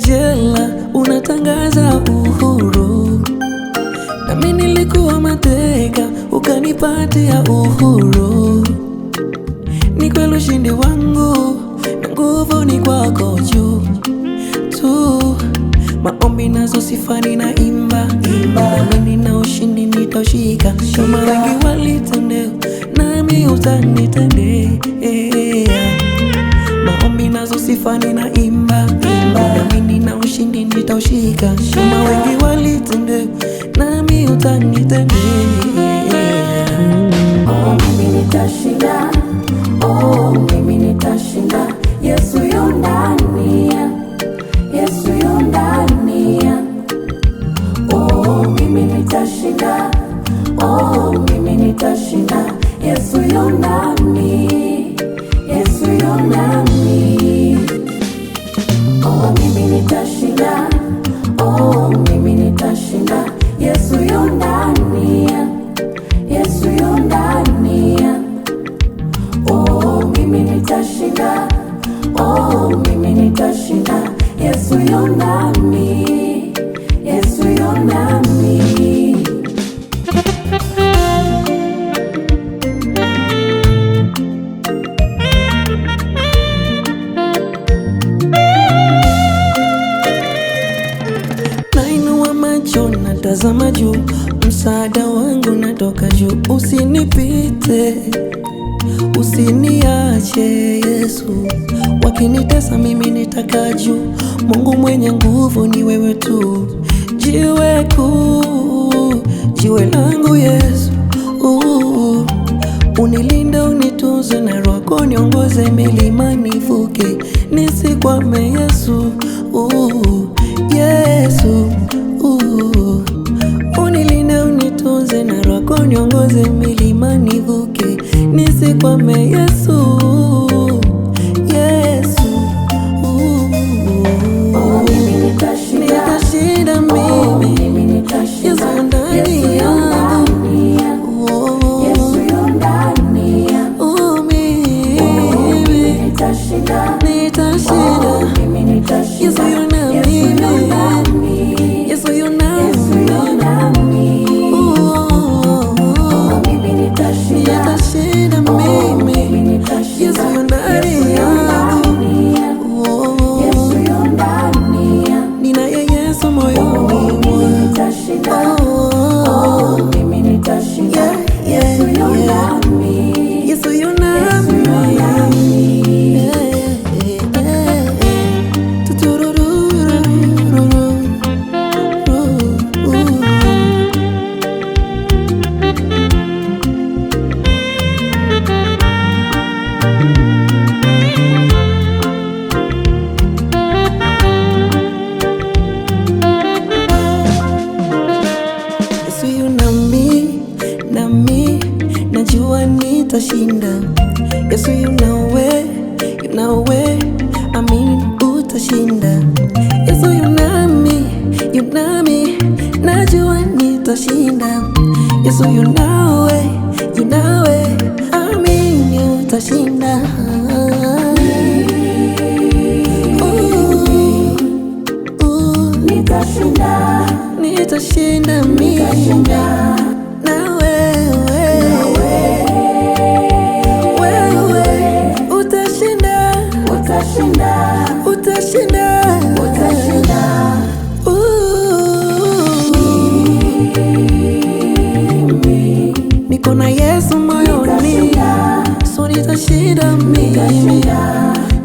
jela unatangaza uhuru, nami nilikuwa mateka ukanipatia uhuru. Ni kweli ushindi wangu na nguvu ni kwako juu tu, maombi nazo sifani na imba imani na ushindi nitaushika, kama wengi walitendea nami utanitendea maombi nazo sifani na imba imba na ushindi nitaushika, kama wengi walitende nami utanitendea, oh, mimi nitashinda nami, Yesu macho natazama juu, msaada wangu natoka juu. Usinipite, usiniache Yesu, wakinitesa mimi nitakaa juu Mungu mwenye nguvu ni wewe tu, jiwe kuu, jiwe langu Yesu. unilinde unitunze, na roho niongoze, milimani nivuke nisikwame Yesu. Uu, Yesu uu, unilinda unitunze, na roho niongoze, milimani nivuke nisikwame Yesu. utashinda, Yesu yunawe, yunawe, amini utashinda, Yesu yunami, yunami, najua nitashinda, Yesu yunawe, yunawe, amini utashinda Nitashinda, nitashinda, nitashinda. Utashinda, utashinda, utashinda. Niko na Yesu moyoni, so nitashinda mimi